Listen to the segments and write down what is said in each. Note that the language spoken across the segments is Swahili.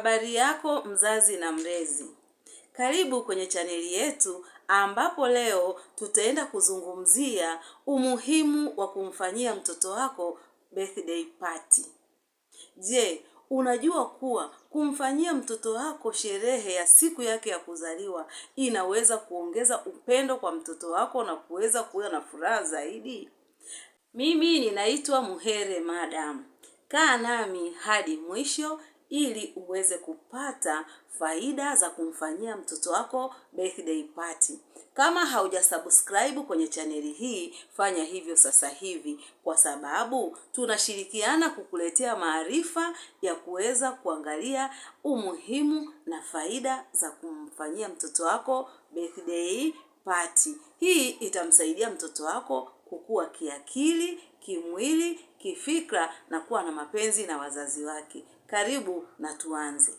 Habari yako mzazi na mlezi, karibu kwenye chaneli yetu ambapo leo tutaenda kuzungumzia umuhimu wa kumfanyia mtoto wako birthday party. Je, unajua kuwa kumfanyia mtoto wako sherehe ya siku yake ya kuzaliwa inaweza kuongeza upendo kwa mtoto wako na kuweza kuwa na furaha zaidi? Mimi ninaitwa Muhere Madam. Kaa nami hadi mwisho ili uweze kupata faida za kumfanyia mtoto wako birthday party. Kama haujasubscribe kwenye chaneli hii, fanya hivyo sasa hivi, kwa sababu tunashirikiana kukuletea maarifa ya kuweza kuangalia umuhimu na faida za kumfanyia mtoto wako birthday party. Hii itamsaidia mtoto wako kukua kiakili, kimwili kifikra na kuwa na mapenzi na wazazi wake. Karibu na tuanze.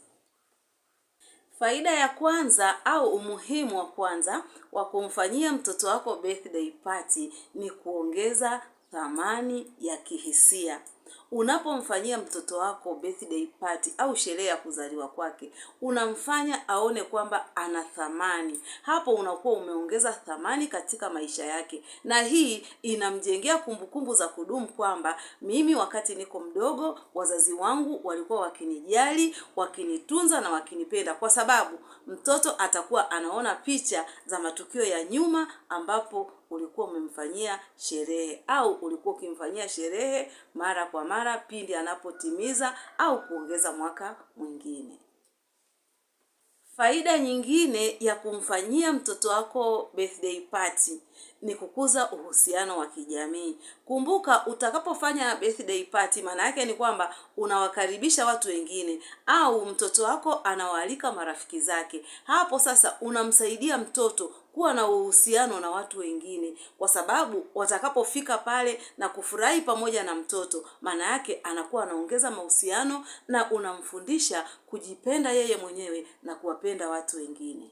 Faida ya kwanza au umuhimu wa kwanza wa kumfanyia mtoto wako birthday party ni kuongeza thamani ya kihisia. Unapomfanyia mtoto wako birthday party au sherehe ya kuzaliwa kwake, unamfanya aone kwamba ana thamani. Hapo unakuwa umeongeza thamani katika maisha yake, na hii inamjengea kumbukumbu za kudumu kwamba mimi, wakati niko mdogo, wazazi wangu walikuwa wakinijali, wakinitunza na wakinipenda, kwa sababu mtoto atakuwa anaona picha za matukio ya nyuma ambapo ulikuwa umemfanyia sherehe au ulikuwa ukimfanyia sherehe mara kwa mara pindi anapotimiza au kuongeza mwaka mwingine. Faida nyingine ya kumfanyia mtoto wako birthday party ni kukuza uhusiano wa kijamii. Kumbuka, utakapofanya birthday party, maana yake ni kwamba unawakaribisha watu wengine, au mtoto wako anawaalika marafiki zake. Hapo sasa unamsaidia mtoto kuwa na uhusiano na watu wengine, kwa sababu watakapofika pale na kufurahi pamoja na mtoto, maana yake anakuwa anaongeza mahusiano na unamfundisha kujipenda yeye mwenyewe na kuwapenda watu wengine.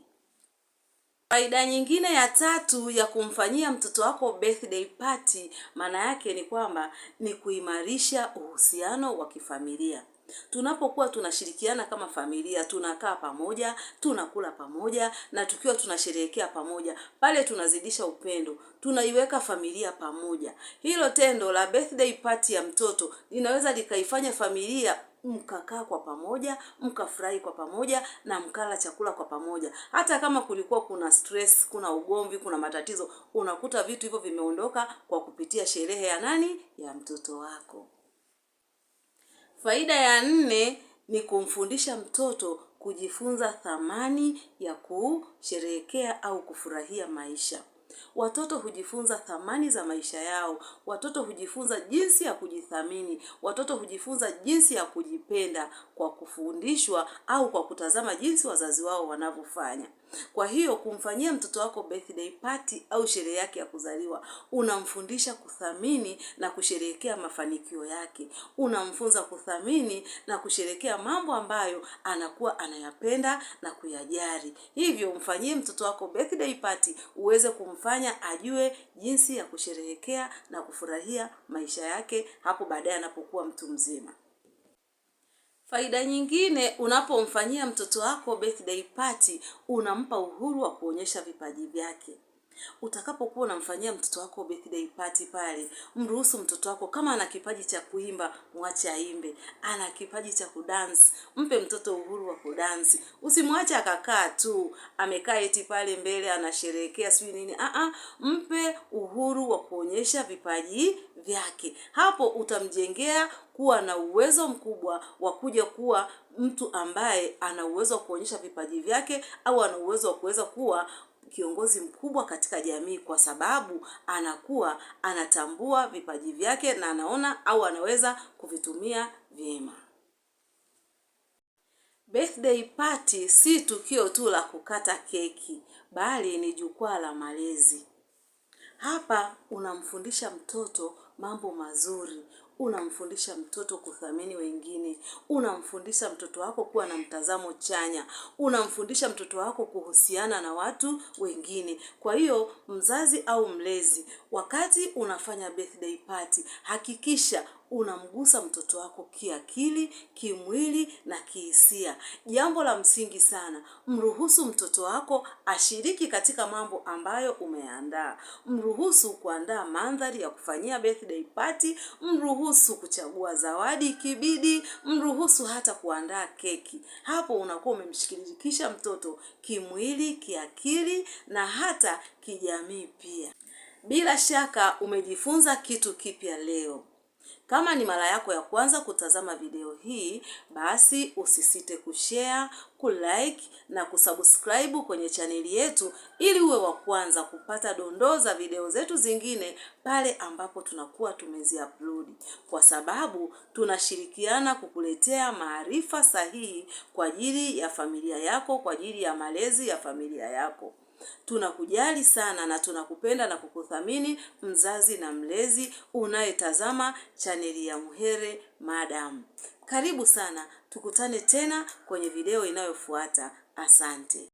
Faida nyingine ya tatu ya kumfanyia mtoto wako birthday party, maana yake ni kwamba ni kuimarisha uhusiano wa kifamilia. Tunapokuwa tunashirikiana kama familia, tunakaa pamoja, tunakula pamoja, na tukiwa tunasherehekea pamoja, pale tunazidisha upendo, tunaiweka familia pamoja. Hilo tendo la birthday party ya mtoto linaweza likaifanya familia mkakaa kwa pamoja, mkafurahi kwa pamoja na mkala chakula kwa pamoja. Hata kama kulikuwa kuna stress, kuna ugomvi, kuna matatizo, unakuta vitu hivyo vimeondoka kwa kupitia sherehe ya nani? Ya mtoto wako. Faida ya nne ni kumfundisha mtoto kujifunza thamani ya kusherehekea au kufurahia maisha. Watoto hujifunza thamani za maisha yao. Watoto hujifunza jinsi ya kujithamini. Watoto hujifunza jinsi ya kujipenda kwa kufundishwa au kwa kutazama jinsi wazazi wao wanavyofanya. Kwa hiyo kumfanyia mtoto wako birthday party au sherehe yake ya kuzaliwa, unamfundisha kuthamini na kusherehekea mafanikio yake, unamfunza kuthamini na kusherehekea mambo ambayo anakuwa anayapenda na kuyajali. Hivyo mfanyie mtoto wako birthday party uweze kumfanya ajue jinsi ya kusherehekea na kufurahia maisha yake hapo baadaye anapokuwa mtu mzima. Faida nyingine, unapomfanyia mtoto wako birthday party, unampa uhuru wa kuonyesha vipaji vyake. Utakapokuwa unamfanyia mtoto wako birthday party pale, mruhusu mtoto wako, kama ana kipaji cha kuimba, mwache aimbe. Ana kipaji cha kudansi, mpe mtoto uhuru wa kudansi. Usimwache akakaa tu amekaa eti pale mbele anasherehekea sijui nini. Aa, ah, ah, mpe uhuru wa kuonyesha vipaji vyake. Hapo utamjengea kuwa na uwezo mkubwa wa kuja kuwa mtu ambaye ana uwezo wa kuonyesha vipaji vyake au ana uwezo wa kuweza kuwa kiongozi mkubwa katika jamii, kwa sababu anakuwa anatambua vipaji vyake na anaona au anaweza kuvitumia vyema. Birthday party si tukio tu la kukata keki, bali ni jukwaa la malezi. Hapa unamfundisha mtoto mambo mazuri unamfundisha mtoto kuthamini wengine, unamfundisha mtoto wako kuwa na mtazamo chanya, unamfundisha mtoto wako kuhusiana na watu wengine. Kwa hiyo mzazi au mlezi, wakati unafanya birthday party, hakikisha unamgusa mtoto wako kiakili, kimwili na kihisia. Jambo la msingi sana, mruhusu mtoto wako ashiriki katika mambo ambayo umeandaa. Mruhusu kuandaa mandhari ya kufanyia birthday party, mruhusu mruhusu kuchagua zawadi ikibidi, mruhusu hata kuandaa keki. Hapo unakuwa umemshirikisha mtoto kimwili, kiakili na hata kijamii pia. Bila shaka umejifunza kitu kipya leo. Kama ni mara yako ya kwanza kutazama video hii, basi usisite kushare, kulike na kusubscribe kwenye chaneli yetu ili uwe wa kwanza kupata dondoo za video zetu zingine pale ambapo tunakuwa upload, kwa sababu tunashirikiana kukuletea maarifa sahihi kwa ajili ya familia yako, kwa ajili ya malezi ya familia yako. Tunakujali sana na tunakupenda na kukuthamini, mzazi na mlezi unayetazama chaneli ya Mhere Madam. Karibu sana, tukutane tena kwenye video inayofuata. Asante.